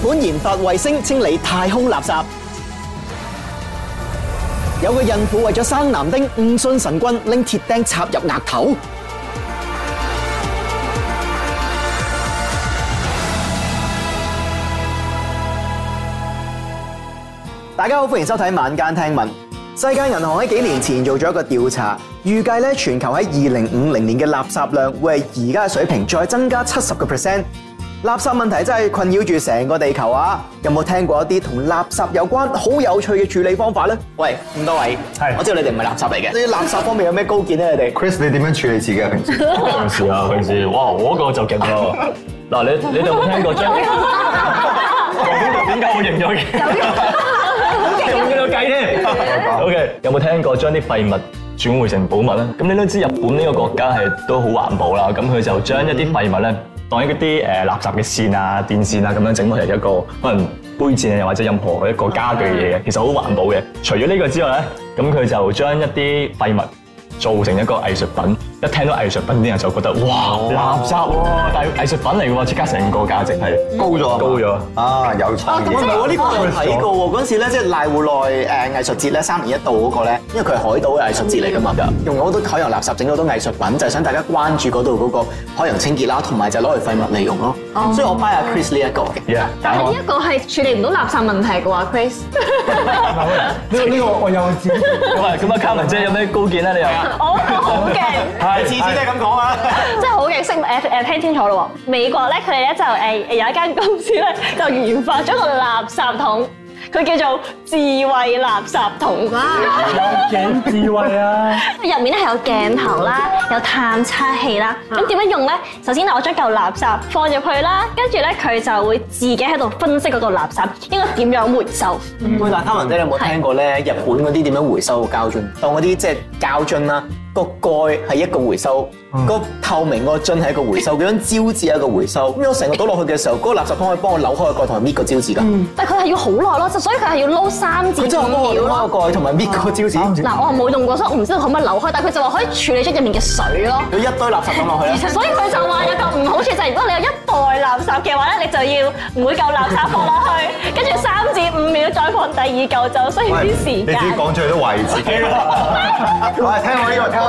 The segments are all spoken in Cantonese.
本研發衛星清理太空垃圾，有個孕婦為咗生男丁，誤信神棍拎鐵釘插入額頭。大家好，歡迎收睇晚間聽聞。世界銀行喺幾年前做咗一個調查，預計咧全球喺二零五零年嘅垃圾量會係而家嘅水平再增加七十個 percent。垃圾問題真係困擾住成個地球啊！有冇聽過一啲同垃圾有關好有趣嘅處理方法咧？喂，咁多位係，是 我知道你哋唔係垃圾嚟嘅。呢啲垃圾方面有咩高見咧、啊？你哋？Chris，你點樣處理自己啊？平時啊，平時，哇，我個就勁多。嗱， 你你哋有冇聽過？點解 我認咗嘅？用咗個計添。O K，有冇聽過將啲廢物轉換成寶物咧？咁你都知日本呢個國家係都好環保啦。咁佢就將一啲廢物咧，當一啲垃圾嘅線啊、電線啊，咁樣整落嚟一個可能杯墊又或者任何一個家具嘢嘅，其實好環保嘅。除咗呢個之外呢，咁佢就將一啲廢物做成一個藝術品。一聽到藝術品啲人就覺得，哇，垃圾喎，但係藝術品嚟嘅喎，即刻成個價值係高咗，高咗啊。有啊，有啊，呢個我睇過喎，嗰了時咧，即係瀨戶內誒藝術節咧，三年一度嗰，那個咧，因為佢係海島嘅藝術節嚟㗎嘛，用好多海洋垃圾整好多藝術品，就係想大家關注嗰度嗰個海洋清潔啦，同埋就攞嚟廢物利用咯。所以我 buy 阿 Chris 呢，這，一個嘅，呢一個係但我 處理唔到垃圾問題嘅話，Chris，這個。這呢個呢個我幼稚。喂，咁阿嘉雯姐有咩高見咧？你又？我好勁。係次次都係咁講啊！真係好嘅，識誒誒聽清楚咯喎。美國咧，佢哋咧就誒有一間公司咧，就研發咗個垃圾桶，佢叫做智慧垃圾桶啩。有幾智慧啊？入面咧係有鏡頭啦，有探測器啦。咁點樣用咧？首先我將嚿垃圾放入去啦，跟住咧佢就會自己喺度分析嗰個垃圾應該點樣回收。唔會噶，雯姐你有冇聽過咧？日本嗰啲點樣回收個膠樽？是當嗰啲即係膠樽啦。個蓋係一個回收，個透明個樽係一個回收，嗰張膠紙係一個回收。咁 我成個倒落去嘅時候，嗰個垃圾桶可以幫我扭開個蓋同搣個膠紙。嗯， 但佢係要好耐咯，所以佢係要撈、 哎、三至五秒咯。佢真係幫我撈個蓋同埋搣個膠紙。嗱，我冇用過，所以我唔知道可唔可以扭開，但佢就話可以處理出入面嘅水咯。你一堆垃圾放落去。 所以佢就話有個唔好處就係如果你有一袋垃圾嘅話咧，你就要唔每嚿垃圾放落去，跟住三至五秒再放第二嚿，就需要啲時間。你自己講出去都懷疑自己。喂， 聽我呢個講起抌垃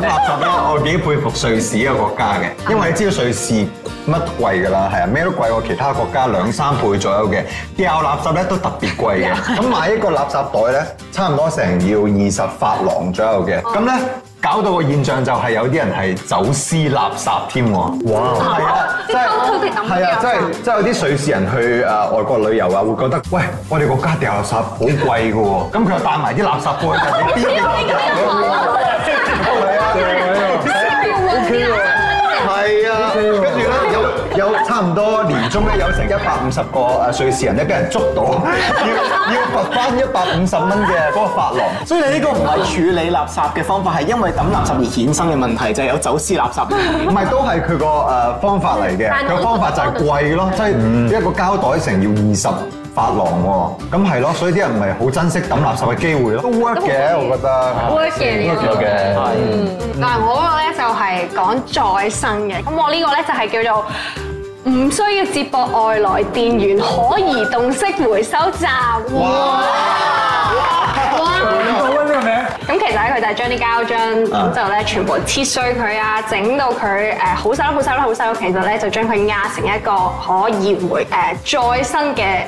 圾咧，我幾佩服瑞士呢個國家嘅，因為你知道瑞士乜貴噶啦，係啊，咩都貴過其他國家兩三倍左右嘅，掉垃圾咧都特別貴嘅，咁 買一個垃圾袋咧，差唔多成要二十法郎左右嘅，咁咧。 搞到個現象就係有啲人係走私垃圾添喎，哇、就係！係啊，即係係啊，即係即係有啲瑞士人去誒外國旅遊啊，會覺得喂，我哋國家掉垃圾好貴㗎喎，咁佢又帶埋啲垃圾過去。差唔多年中咧，有成一百五十個誒瑞士人咧，俾人捉到，要要罰翻一百五十蚊嘅嗰個法郎。所以你呢個唔係處理垃圾嘅方法，係因為抌垃圾而衍生嘅問題，就係有走私垃圾。唔係都係佢個誒方法嚟嘅。佢方法就係貴咯，即係一個膠袋成要二十法郎喎。咁係咯，所以啲人唔係好珍惜抌垃圾嘅機會咯。都 work 嘅，我覺得。work 嘅，係。但係，我嗰個咧就係講再生嘅。咁我呢個咧就係叫做。唔需要接駁外來電源，可移動式回收站。哇！哇！咁其實咧，佢就係將啲膠樽咁就咧全部切碎佢啊，整到佢誒好細粒、好細粒、好細粒。其實咧就將佢壓成一個可以回誒再生嘅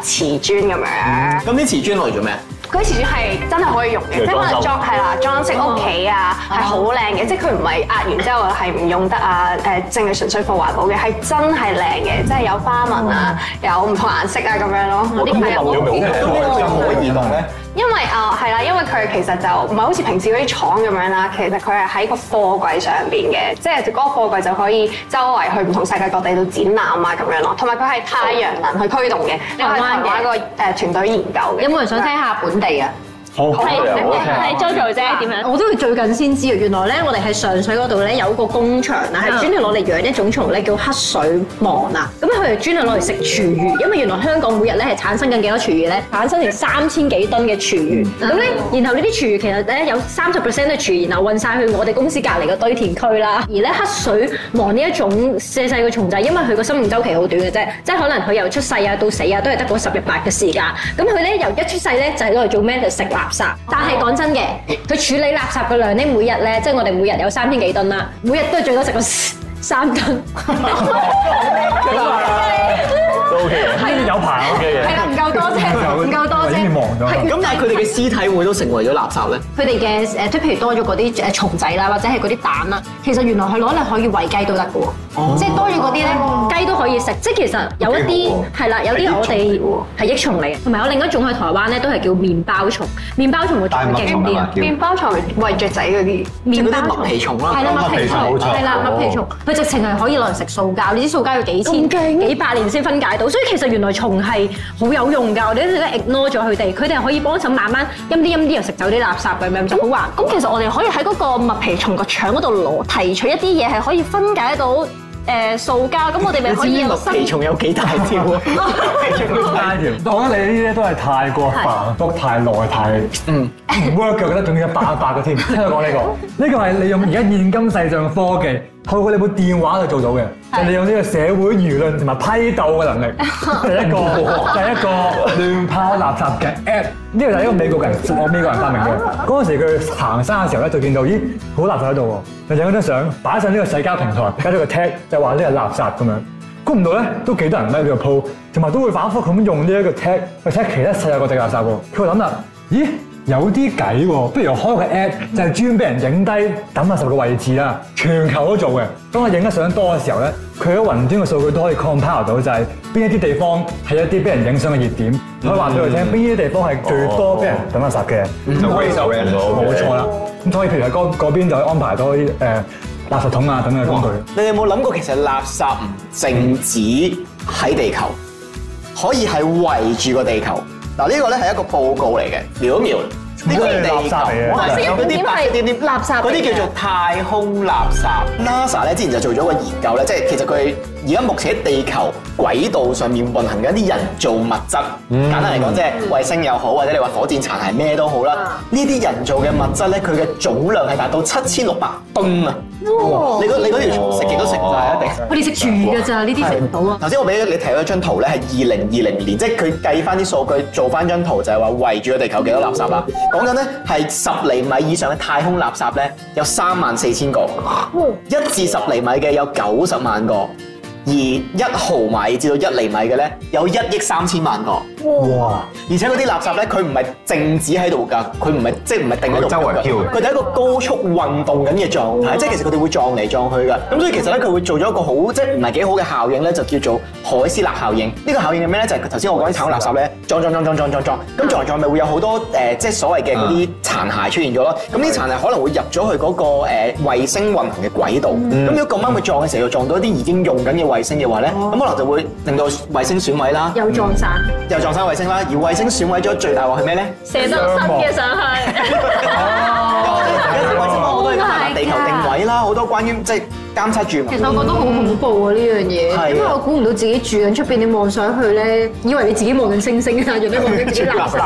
誒瓷磚咁樣，嗯。咁啲瓷磚落嚟做咩？佢始終係真係可以用嘅，即可能裝係啦，裝飾屋企啊，係好靚嘅，即係佢唔係壓完之後係唔用得啊，誒，淨係純粹放環保嘅，係真係靚嘅，即係有花紋啊，有唔同顏色啊咁樣咯，啲品又唔會唔可以嘅咩？我因為啊，係啦，因為佢其實就唔係好似平時嗰啲廠咁樣啦，其實佢係喺個貨櫃上邊嘅，即係嗰個貨櫃就可以周圍去唔同世界各地度展覽啊咁樣咯，同埋佢係太陽能去驅動嘅，係台灣一個誒團隊研究嘅。有冇人想聽下本地啊？係係，Jojo 姐，點樣？我都係最近先知原來咧，我哋喺上水嗰度咧有個工場啊，係專係攞嚟養一種蟲咧，叫黑水虻啊。咁佢哋專係攞嚟食廚餘，因為原來香港每日咧係產生緊幾多廚餘咧？產生成三千幾噸嘅廚餘。咁咧、uh，huh. 然後呢啲廚餘其實咧有三十 percent 嘅廚餘，然後運晒去我哋公司隔離嘅堆填區啦。而咧黑水虻呢一種細細嘅蟲仔，因為佢個生命周期好短嘅啫，即係可能佢由出世啊到死啊都係得嗰十日八嘅時間。咁佢咧由一出世咧就係攞嚟做咩嚟食啊？垃圾，但係講真嘅，佢處理垃圾嘅量咧，每日咧，即係我哋每日有三千幾噸啦，每日都係最多食咗三噸，都 OK，都 OK 嘅，係有排 OK 嘅，係啦，唔夠多啫，唔夠。咁但係佢哋嘅屍體會都成為咗垃圾咧？佢哋嘅誒，即譬如多咗嗰啲誒蟲仔啦，或者係嗰啲蛋啦。其實原來佢攞嚟可以餵雞都得嘅喎，即係多咗嗰啲咧，雞都可以食。即係其實有一啲係啦，有啲我哋係益蟲嚟嘅，同埋有另一種喺台灣咧都係叫麵包蟲。麵包蟲會做啲麵麵包蟲餵雀仔嗰啲麵包蟲。咩？麥皮蟲啦，皮蟲好係啦，麥皮蟲，佢直情係可以攞嚟食塑膠。呢啲塑膠要幾千幾百年先分解到，所以其實原來蟲係好有用㗎。我哋都 ignore 咗佢哋。佢哋係可以幫手慢慢飲啲飲啲，又食走啲垃圾咁樣，好玩。咁其實我哋可以喺嗰個麥皮蟲個腸嗰度攞提取一啲嘢，係可以分解到誒、呃、塑膠。咁我哋咪可以。麥皮蟲有幾大條？皮蟲幾大條？我你呢啲都係太過繁複，太耐太。嗯。唔 work 嘅，覺得仲要一百百嘅添。 聽我講呢個，呢 個係利用而家現今世上嘅科技。透過你部電話就做到嘅，就係、利用呢個社會輿論同埋批鬥嘅能力，是第一個， 第一個亂拋垃圾嘅 app，呢 個就係一個美國人， 我美國人發明嘅。嗰 陣時佢行山嘅時候就見到咦，好垃圾喺度喎，就影張相擺上呢個社交平台，加咗個 tag，就話呢個垃圾咁樣。估唔到呢都幾多人喺度 po，同埋都會反覆用呢一個 tag 去 tag 其他細細個嘅垃圾喎。佢諗咦？有啲計喎，不如我開個 app，就係專俾人影低抌垃圾嘅位置啦，全球都做嘅。當我影得相多嘅時候咧，佢喺雲端嘅數據都可以 compare 到，就是，就係邊一啲地方係一啲俾人影相嘅熱點，佢話話俾佢聽邊啲地方係最多俾人抌垃圾嘅，就回收嘅冇錯啦。咁、嗯、所以譬如喺嗰邊就可以安排多啲、呃、垃圾桶啊等嘅工具。你有冇諗過其實垃圾唔淨止喺地球，可以係圍住個地球。嗱呢個係一個報告嚟嘅，瞄一瞄呢個地球，嗰啲點點點垃圾，嗰啲叫做太空垃圾。NASA、嗯、之前就做咗個研究，即係其實佢。而家目前喺地球軌道上面運行緊一啲人造物質，簡單嚟講即係衛星又好，或者你話火箭殘骸咩都好啦。呢啲人造嘅物質咧，佢嘅總量係達到七千六百噸啊哇！你嗰條食極都食唔晒一定。吃哦哦、吃才我哋食住㗎咋，呢啲食唔到啊！頭先我俾你睇咗一張圖咧，係二零二零年，即係佢計翻啲數據做翻張圖，就係話圍住個地球幾多少垃圾啦、啊。講緊咧係十厘米以上嘅太空垃圾咧，有三萬四千個；一至十厘米嘅有九十萬個。1 而一毫米至到一厘米嘅咧，有一億三千萬個。哇！而且嗰啲垃圾咧，佢唔係靜止喺度㗎，佢唔係即係唔係定喺度周圍飄，佢係的一個高速運動緊嘅狀態。哇即係其實佢哋會撞嚟撞去㗎。咁所以其實咧，佢會做咗一個好即係唔係幾好嘅效應咧，就叫做海斯勒效應。呢、這個效應係咩咧？就係頭先我講啲殘垃圾咧，撞撞撞撞撞撞咁撞嚟撞去咪會有好多誒、呃，即係所謂嘅嗰啲殘骸出現咗咯。咁啲、啊、殘骸可能會入咗去嗰、那個誒、呃、衛星運行嘅軌道。咁、嗯嗯嗯、如果咁啱嘅撞嘅時候，又撞到一啲已經用緊嘅。衛星嘅話咧，咁可能就會令到衛星損毀啦、嗯，又撞散，又撞散衛星啦。而衛星損毀咗最大鑊係咩咧？射得新嘅上去。好多大大地球定位啦，好多關於即係、就是、監測住民。其實我覺得好恐怖啊！呢樣嘢，因為我估唔到自己住緊出邊，你望上去咧，以為你自己望緊星星，但係原來望緊自己垃圾。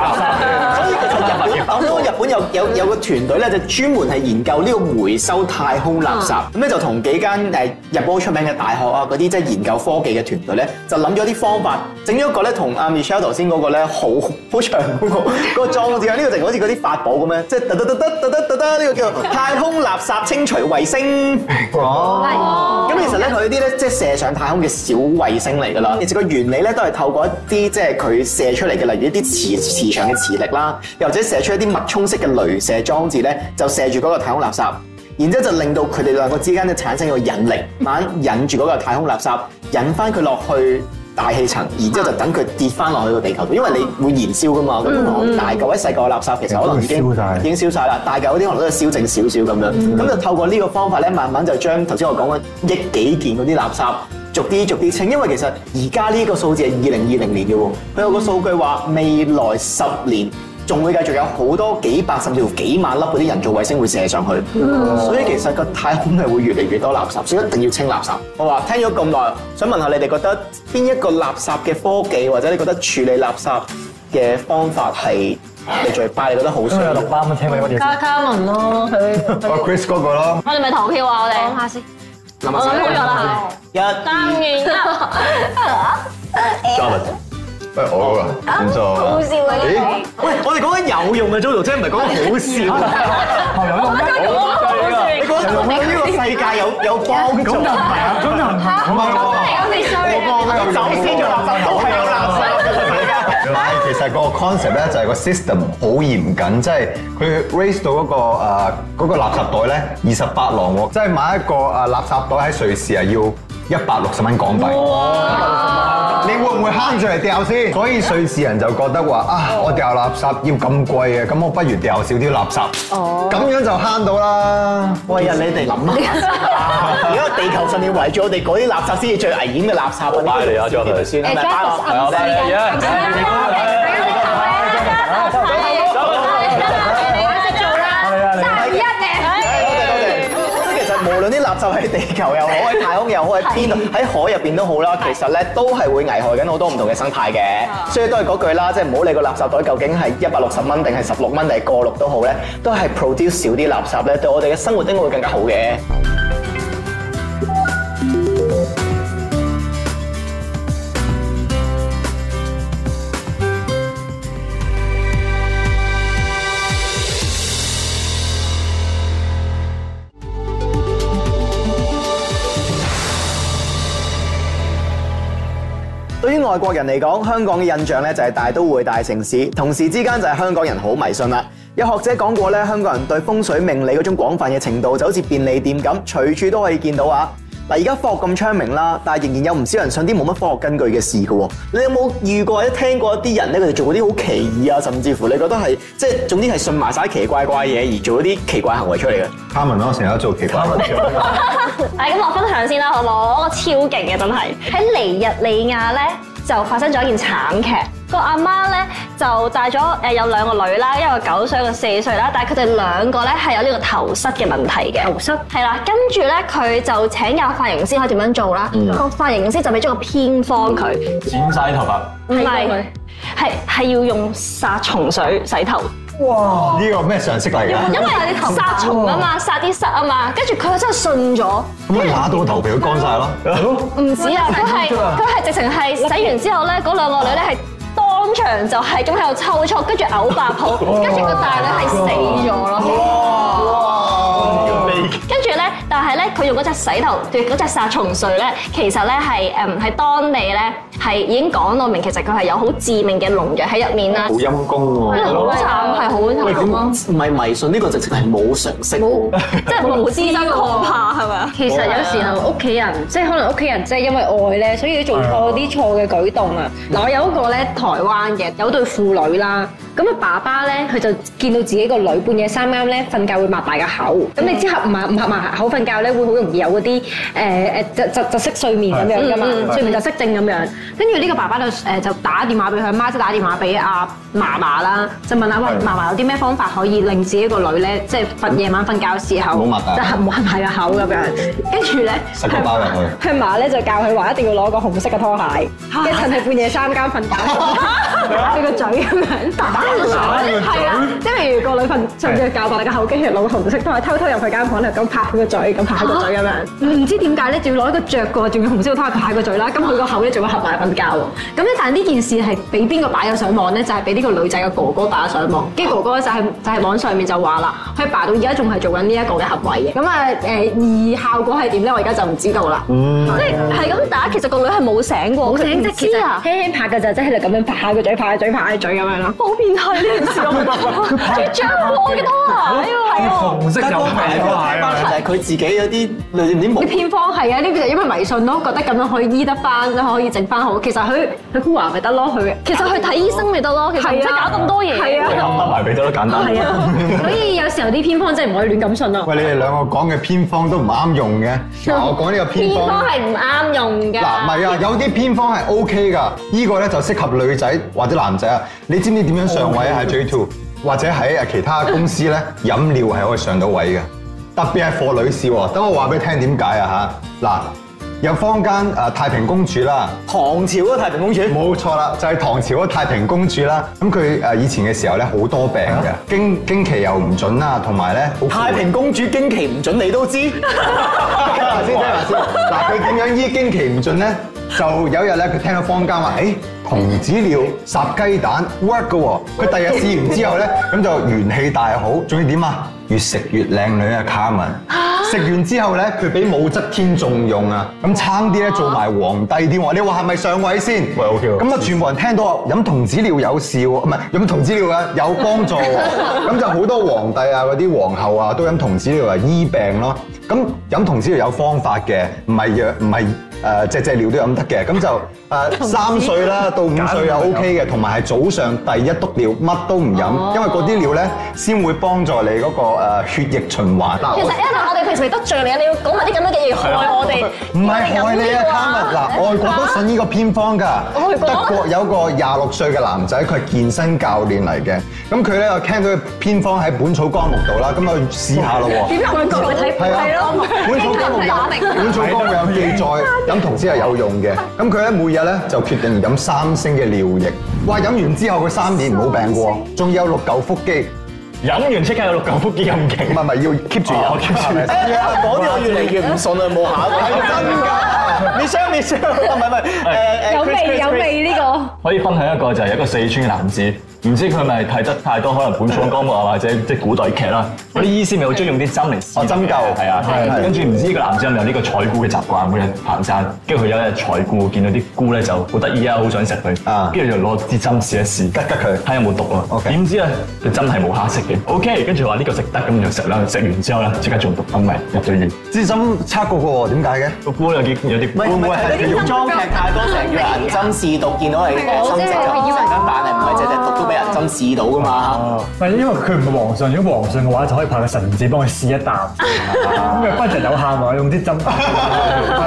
本有有有個團隊咧，就專門係研究呢個回收太空垃圾。咁咧、啊、就同幾間誒日本出名嘅大學啊，嗰啲即係研究科技嘅團隊咧，就諗咗啲方法，整咗個咧同阿 Michelle 頭先嗰個咧好好長嗰、嗰個 個裝置啊，呢個就好似嗰啲法寶咁咧，即係得得得得得得得得，呢個叫做「太空垃圾清除衛星」。哦、啊，咁其實咧佢啲咧即係射上太空嘅小衛星嚟㗎啦。其、這、實個原理咧都係透過一啲即係佢射出嚟嘅，例如一啲磁磁場嘅磁力啦，又或者射出一啲脈衝。色嘅鐳射裝置咧，就射住嗰個太空垃圾，然之後就令到佢哋兩個之間咧產生一個引力，慢慢引住嗰個太空垃圾，引翻佢落去大氣層，然之後就等佢跌翻落去個地球度，因為你會燃燒噶嘛。咁、嗯、大嚿一啲細個嘅垃圾其實、嗯、可能已經已經燒晒啦，大嚿嗰啲可能都係燒剩少少咁樣。咁、嗯、就透過呢個方法咧，慢慢就將頭先我講嘅億幾件嗰啲垃圾逐啲逐啲清，因為其實而家呢個數字係二零二零年嘅，佢有個數據話未來十年。仲會繼續有好多幾百甚至乎幾萬粒嗰啲人造衛星會射上去，所以其實個太空係會越嚟越多垃圾，所以一定要清垃圾。我話聽咗咁耐，想問下你哋覺得邊一個垃圾嘅科技或者你覺得處理垃圾嘅方法係你最快？你覺得好？今日落班咪聽緊乜卡卡加文咯，阿 Chris 哥哥咯，我哋咪投票啊！我哋講下先，我諗咗啦，日加文。係我個，唔錯。好笑啊！喂，我哋講緊有用嘅 j o o 即係唔係講緊好笑啊？有用係啊！你覺得呢個世界有有幫助。咁就唔係，咁就唔係，唔係喎。我哋衰啊！走先就走，都係有垃圾袋啊！係其實個 concept 咧，就係個 system 好嚴謹，即係佢 raise 到嗰個誒嗰個垃圾袋咧二十八郎喎，即係買一個誒垃圾袋喺瑞士啊要。一百六十蚊港幣，你會唔會慳住嚟掉先？所以瑞士人就覺得話啊，我掉垃圾要咁貴嘅，咁我不如掉少啲垃圾，咁樣就慳到啦。喂，你你哋諗，如果地球上面圍住我哋嗰啲垃圾先至最危險嘅垃圾嘛。快啲啊！坐坐先啦，啲垃圾喺地球又好，喺太空又好，喺天喺海入邊都好啦。其實咧都係會危害緊好多唔同嘅生態嘅，是的 所以都係嗰句啦，即係唔好理個垃圾袋究竟係一百六十蚊定係十六蚊定係過六都好咧，都係 produce 少啲垃圾咧，對我哋嘅生活應該會更加好嘅。對於外國人嚟講，香港嘅印象呢就係大都會、大城市，同時之間就係香港人好迷信啦。有學者講過呢，香港人對風水命理嗰種廣泛嘅程度，就好似便利店咁，隨處都可以見到啊。嗱，而家科學咁昌明啦，但係仍然有唔少人信啲冇乜科學根據嘅事㗎喎。你有冇遇過一聽過一啲人咧，佢哋做嗰啲好奇異啊，甚至乎你覺得係即係總之係信埋曬奇怪怪嘢而做一啲奇怪行為出嚟嘅？嘉雯咯，成日做奇怪。係咁，我分享先啦，好唔好？我個超勁嘅真係喺尼日利亞咧，就發生咗一件慘劇。個阿媽咧就帶咗誒有兩個女啦，一個九歲，一個四歲啦。但係佢哋兩個咧係有呢個頭虱嘅問題嘅塞。頭虱係啦，跟住咧佢就請教髮型師，可以點樣做啦？個、嗯、髮型師就俾咗個偏方佢，剪晒頭髮，唔係係係要用殺蟲水洗頭。哇！呢個咩常識嚟嘅？因為有啲頭殺蟲啊嘛，哦、殺啲虱啊嘛。跟住佢真係信咗，跟住打到頭皮都乾晒咯。唔止啊，佢係佢係直情係洗完之後咧，嗰了兩個女咧係。場就係咁喺度抽搐，跟住嘔白泡，跟住個大女係死咗咯。哇！跟住咧，但係咧，佢用嗰隻洗頭，嗰隻殺蟲水咧，其實咧係誒喺當地咧係已經講到明，其實佢係有好致命嘅農藥喺入面啦。好陰功喎！好慘，係好慘。唔係迷信呢個，直情係冇常識，即係無知得可怕。其實有時候屋企人，即係可能屋企人，即係因為愛咧，所以做錯啲錯嘅舉動啊！嗱吧，我有一個咧台灣嘅有對父女啦，咁啊爸爸咧佢就見到自己個女半夜三更咧瞓覺會擘大個口，咁你之後唔合唔合埋口瞓覺咧，會好容易有嗰啲誒誒就就就睡眠咁樣噶嘛，吧睡眠窒息症咁樣。跟住呢個爸爸就誒就打電話俾佢媽，即係打電話俾阿嫲嫲啦，就問阿個嫲嫲有啲咩方法可以令自己個女咧，即係瞓夜晚瞓覺嘅時候即合唔合擘大個口嘅。跟住咧，佢阿爸咧就教佢話，一定要攞個紅色嘅拖鞋，一陣喺半夜三更瞓覺，佢個、啊、嘴咁樣，打，打個嘴，即係譬如個女瞓睡覺，教佢的個口機器攞紅色拖鞋，偷偷入佢間房度咁拍佢個嘴，咁拍佢個嘴咁樣。唔、啊、知點解咧，仲要攞一個着過，仲要紅色嘅拖鞋拍佢個嘴啦。咁佢個口咧仲要合埋瞓覺喎。咁咧，但係呢件事係俾邊個擺咗上網咧？就係俾呢個女仔嘅哥哥擺咗上網。跟住、嗯、哥哥就係、是、就係、是、網上面就話啦，佢爸到而家仲係做緊呢一個嘅行為嘅。咁啊誒而效果係點咧？我而家就唔知道啦。即係咁打，其實個女係冇醒過，冇醒，即其實輕輕拍噶，就即係咁樣拍下個嘴，拍下嘴，拍下嘴咁樣咯。好變態呢件事，仲要將我嘅拖鞋喎！紅色嘅拖鞋，偏方就係佢自己有啲啲偏方係啊，呢邊就因為迷信咯，覺得咁樣可以醫得翻，可以整翻好。其實佢佢敷藥咪得咯，佢。其實去睇醫生咪得咯，唔使搞咁多嘢。係啊，抹埋俾咗咯，簡單。係啊。所以有時候啲偏方真係唔可以亂咁信咯。喂，你哋兩個講嘅偏方都。唔啱用嘅，說我講呢個偏方係唔啱用㗎。嗱，唔係啊，有啲偏方係 O K 㗎。呢個咧就適合女仔或者男仔啊。你知唔知點樣上位喺好 J Two， 或者喺其他公司咧飲料係可以上到位嘅，特別係 for 女士喎。等 我話俾你聽點解啊，嗱。有坊間誒太平公主啦，唐朝嗰太平公主，冇錯啦，就係、是、唐朝嗰太平公主啦。咁佢誒以前嘅時候咧，好多病嘅，經經期又唔準啦，同埋咧太平公主經期唔準，你都知道。聽下先，聽下先。嗱，佢點 樣醫經期唔準咧？就有一日咧，佢聽到坊間話，誒童 子尿烚雞蛋 work 嘅喎。佢第日試完之後咧，咁 就元氣大好，仲要點啊？越食越靚女啊，嘉雯。食完之後呢，佢俾武則天重用啊！咁差啲呢，做埋皇帝啲喎。你話係咪上位先？係好嘅。咁啊，全部人聽到飲童子尿有笑，唔係飲童子尿啊，有幫助。咁就好多皇帝啊、嗰啲皇后啊都飲童子尿啊，醫病囉。咁飲童子尿有方法嘅，唔係藥，唔係。誒隻隻尿都飲得嘅，咁就誒三歲啦到五歲又 OK 嘅，同埋係早上第一篤尿乜都唔飲，因為嗰啲尿咧先會幫助你嗰個血液循環。其實因為我哋平時得罪你，你要講埋啲咁嘅嘢害我哋，唔係、啊、害你啊！嘉雯，嗱、啊，外國都信呢個偏方㗎。德國有個廿六歲嘅男仔，佢係健身教練嚟嘅，咁佢咧就聽到偏方喺、啊《本草綱目》度啦，咁佢試下咯喎。點解？係啊，《本草綱目》 本草綱有記載。飲童子先係有用嘅，咁佢咧每日咧就決定飲三星嘅尿液。哇！飲完之後佢三年唔好病過，仲有六嚿腹肌。飲完即刻有六嚿腹肌咁勁，唔咪要 keep 住，keep 住。講啲我越嚟越唔信啦，冇下㗎，真㗎。Miss 唔係唔係，有味有味呢個。可以分享一個就係一個四川嘅男子。唔知佢咪睇得太多可能本草綱目啊，或者即係古代劇啦。嗰啲醫師咪好中意用啲針嚟哦針灸，係啊，跟住唔知呢個男子有冇呢個採菇嘅習慣，每日行山，跟住佢有一日採菇，見到啲菇咧就好得意啊，好想食佢，啊，跟住就攞支針試一試，吉吉佢，睇下有冇毒啊。點知啊，佢真係冇黑色嘅。OK，跟住話呢個食得，咁就食啦。食完之後咧，即刻中毒，昏迷入咗院。支針測過㗎喎，點解嘅？個菇有啲菇啊？唔係啲古裝劇太多，成日用針試毒，見到係誒針食咗，成身板係唔係隻隻毒俾人針試到噶嘛？唔係因為佢唔係皇上，如果皇上嘅話就可以派個神子幫佢試一啖。咁佢不停有限啊，用啲針,針。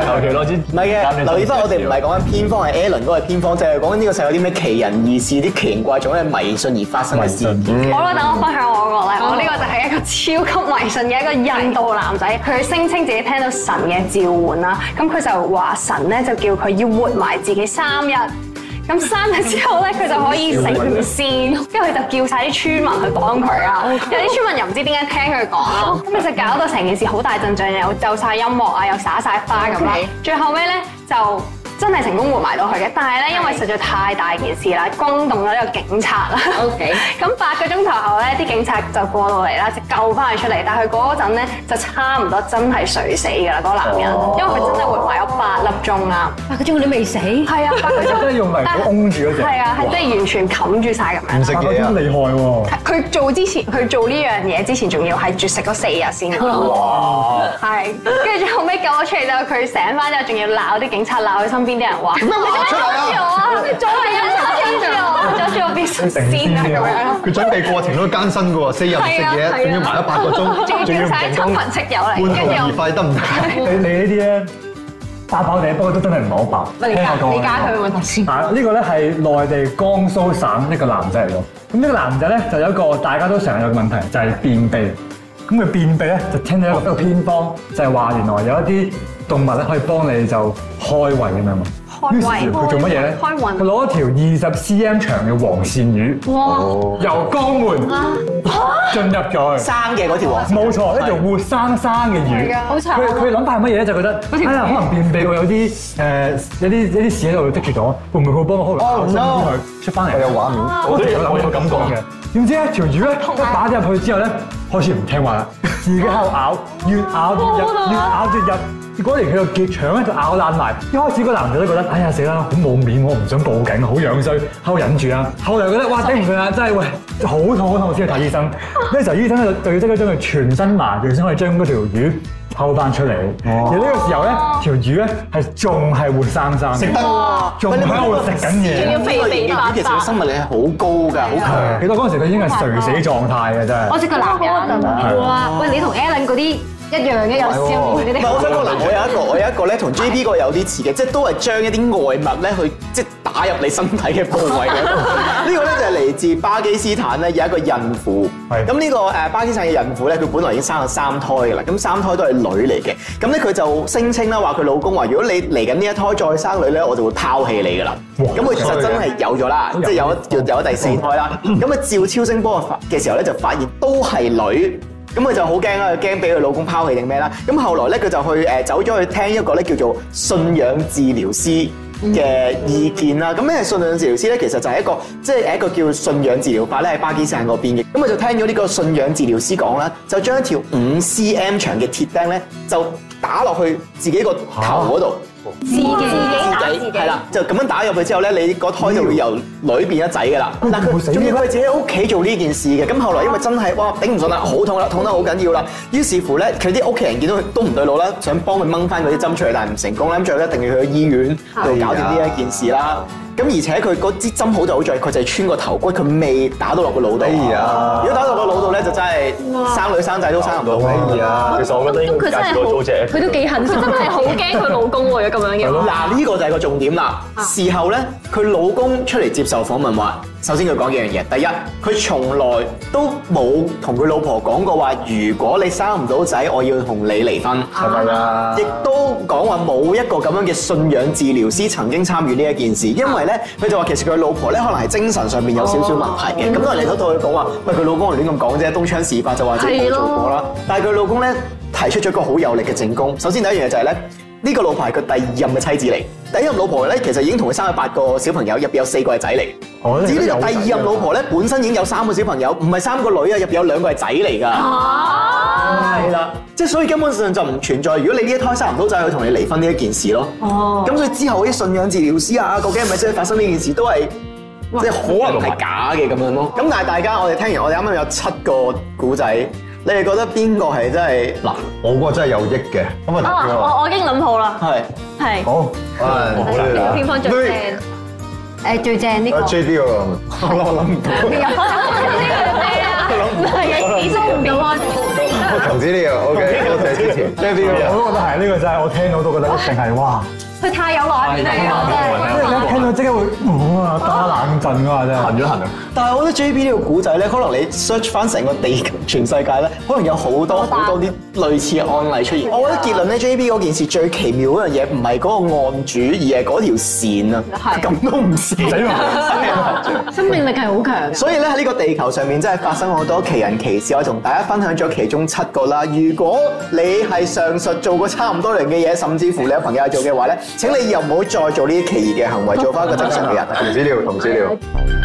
求其攞啲。唔係嘅，留意翻我哋唔係講緊偏方，係 Alan 嗰個偏方，就係講緊呢個世界有啲咩奇人異事、啲奇怪種嘅迷信而發生嘅事件。好啦，等我分享我個例，我呢個就係一個超級迷信嘅一個印度男仔，佢聲稱自己聽到神嘅召喚啦，咁佢就話神咧就叫佢要活埋自己三日。咁生咗之後咧，佢就可以成仙，跟住佢就叫曬啲村民去幫佢啊！有啲村民又唔知點解聽佢講，咁就搞到成件事好大陣仗，又奏曬音樂啊，又撒曬花咁啦，的最後尾咧就～真係成功活埋到佢嘅，但係咧，因為實在太大件事啦，轟動咗呢個警察啦。OK 吧。咁八個鐘頭後咧，啲警察就過到嚟啦，就救翻佢出嚟。但係佢嗰陣咧就差唔多真係水死㗎啦，嗰男人，因為佢真係活埋咗八粒鐘啦。八係佢最後未死。係啊 但，真係用都封住嗰隻。係啊哇，真係完全冚住晒。咁嘛。唔食嘢害佢做之前，佢做呢樣嘢之前，仲要係絕食咗四日先㗎。哇！係，跟住最後尾救咗出嚟就佢醒翻之後仲要鬧啲警察鬧佢身邊。邊啲人話？你嚟啊！準啊！準備先咁樣，佢準備過程都艱辛嘅四日食嘢仲要排咗八個鐘，仲要請親朋戚友嚟，半途而廢得唔得？你你呢啲咧，飽飽地，不過都真係唔好飽。聽下講啊，呢個咧係內地江蘇省一個男仔嚟嘅，咁呢個男仔咧就有一個大家都成日有嘅問題就係便秘。咁佢便秘咧就聽到一個偏方，就係話原來有一啲。動物咧可以幫你就開胃咁樣嘛？開胃，佢做乜嘢咧？開胃，佢攞一條二十 CM 長嘅黃鱔魚，哇！由肛門進入咗，生嘅嗰條魚，冇錯，一條活生生嘅魚，好慘。佢佢諗大乜嘢咧？就覺得哎呀，可能便秘，我有啲誒，有啲有啲屎喺度滴住檔，會唔會佢幫我開胃？哦 no，出翻嚟有畫面，我都有個感覺嘅。點知一條魚咧打入去之後咧開始唔聽話啦，自己喺度咬，越咬越咬越入。嗰年佢個結腸咧，就咬爛埋。一開始個男仔都覺得，哎呀死啦，好冇面，我唔想報警，好樣衰，喺度忍住啊。後嚟覺得，哇頂唔順啊，真係喂好痛好痛先去睇醫生。呢、啊、時候醫生咧就就要即刻將佢全身麻醉，先可以將嗰條魚抽翻出嚟。啊、而呢個時候咧，條魚咧係仲係活生生食，仲喺度食緊嘢。喂還在、啊，要啲肥肥白白，其實生物量係好高㗎。好強！嗰陣時佢已經係垂死狀態嘅，真係。我識個男人，哇！喂，你同 Allen 嗰啲。一樣嘅、哦、有超聲嗰啲咧，唔係我想講 我有一個，我有一個咧，同 JB 個有啲似嘅，即係都係將一啲外物咧去即係打入你身體嘅部位。 呢個呢個咧就係、是、嚟自巴基斯坦咧，有一個孕婦。咁呢的、呢個誒巴基斯坦嘅孕婦咧，佢本來已經生咗三胎嘅啦，咁三胎都係女嚟嘅。咁咧佢就聲稱啦，話佢老公話：如果你嚟緊呢一胎再生女咧，我就會拋棄你噶啦。咁佢哇其實真係有咗啦，即係有有有第四胎啦。咁啊，照超聲波嘅時候咧，就發現都係女。咁佢就好驚啦，驚俾佢老公拋棄定咩啦？咁後來咧，佢就去誒走咗去聽一個咧叫做信仰治療師嘅意見啦。咁咩、嗯嗯、信仰治療師咧，其實就係一個即係、就是、一個叫信仰治療法咧喺巴基斯坦嗰邊嘅。咁佢就聽咗呢個信仰治療師講啦，就將一條五 C M 長嘅鐵釘咧，就打落去自己個頭嗰度。啊自己自己，自己，自己，係啦，就咁樣打入去之後咧，你個胎就會由女變一仔噶啦。但佢仲要佢自己喺屋企做呢件事嘅，咁後來因為真係哇頂唔順啦，好痛啦，痛得好緊要啦。於是乎咧，佢啲屋企人見到佢都唔對路啦，想幫佢掹翻嗰啲針出嚟，但係唔成功啦。咁最後一定要去醫院搞掂呢一件事啦。咁而且佢支針好就好在佢就係穿個頭骨，佢未打到落個腦度。哎、啊、如果打到個腦度咧，就真係生女生仔都生唔到。哎、啊啊、其實我覺得應該戒咗做只。佢都幾恨心，佢真係好驚佢老公喎，有咁 樣嘅。嗱吧，呢、啊呢個就係個重點啦。事後咧，佢老公出嚟接受訪問話，首先佢講幾樣嘢，第一，佢從來都冇同佢老婆講過話，如果你生唔到仔，我要同你離婚。係咪嗎啊？亦都講話冇一個咁樣嘅信仰治療師曾經參與呢一件事，因為咧。佢就話其實佢老婆咧，可能係精神上面有少少問題嘅。咁都嚟到對佢講話，唔係佢老公又亂咁講啫，東窗事發就話自己冇做過啦。的但係佢老公咧，提出咗一個好有力嘅證供，首先第一樣嘢就係、是、咧。呢個老婆係佢第二任嘅妻子嚟，第一任老婆咧其實已經同佢生咗八個小朋友，入邊有四個係仔嚟。至於呢個第二任老婆咧，本身已經有三個小朋友，唔係三個女面個啊，入邊有兩個係仔嚟㗎。哦，係啦，即係所以根本上就唔存在，如果你呢一胎生唔到仔，要同你離婚呢一件事咯。哦，咁所以之後啲信仰治療師啊，究竟係咪真係發生呢件事都是，都係哇即係可能係假嘅咁樣咯。咁哇但係大家，我哋聽完我哋啱啱有七個古仔。你哋覺得邊個係真係嗱？我嗰個真係有益嘅。咁啊，我我已經諗好啦。係係。好！好，好難諗。偏方最正，誒最正啲。最啲嗰個。我諗唔到。係啊。係啊。幾千五條安。投資呢個 OK，我哋支持。最啲我都覺得係，呢個就係我聽到都覺得一定係哇。佢太有耐性嘅，你一聽到即刻會，哇，打冷震噶嘛，真係，行咗行啊！但係我覺得 JB 呢個古仔咧，可能你 search 翻成個地球全世界咧，可能有好多好多啲類似嘅案例出現。我覺得結論咧，JB 嗰件事最奇妙嗰樣嘢唔係嗰個案主，而係嗰條線啊，咁都唔死啊！生命力係好強。所以咧，喺呢個地球上面真係發生好多奇人奇事，我同大家分享咗其中七個啦。如果你係上述做過差唔多類嘅嘢，甚至乎你有朋友做嘅話咧。請你又唔好再做呢啲奇異嘅行為，做返一個正常嘅人。 同資料，同資料。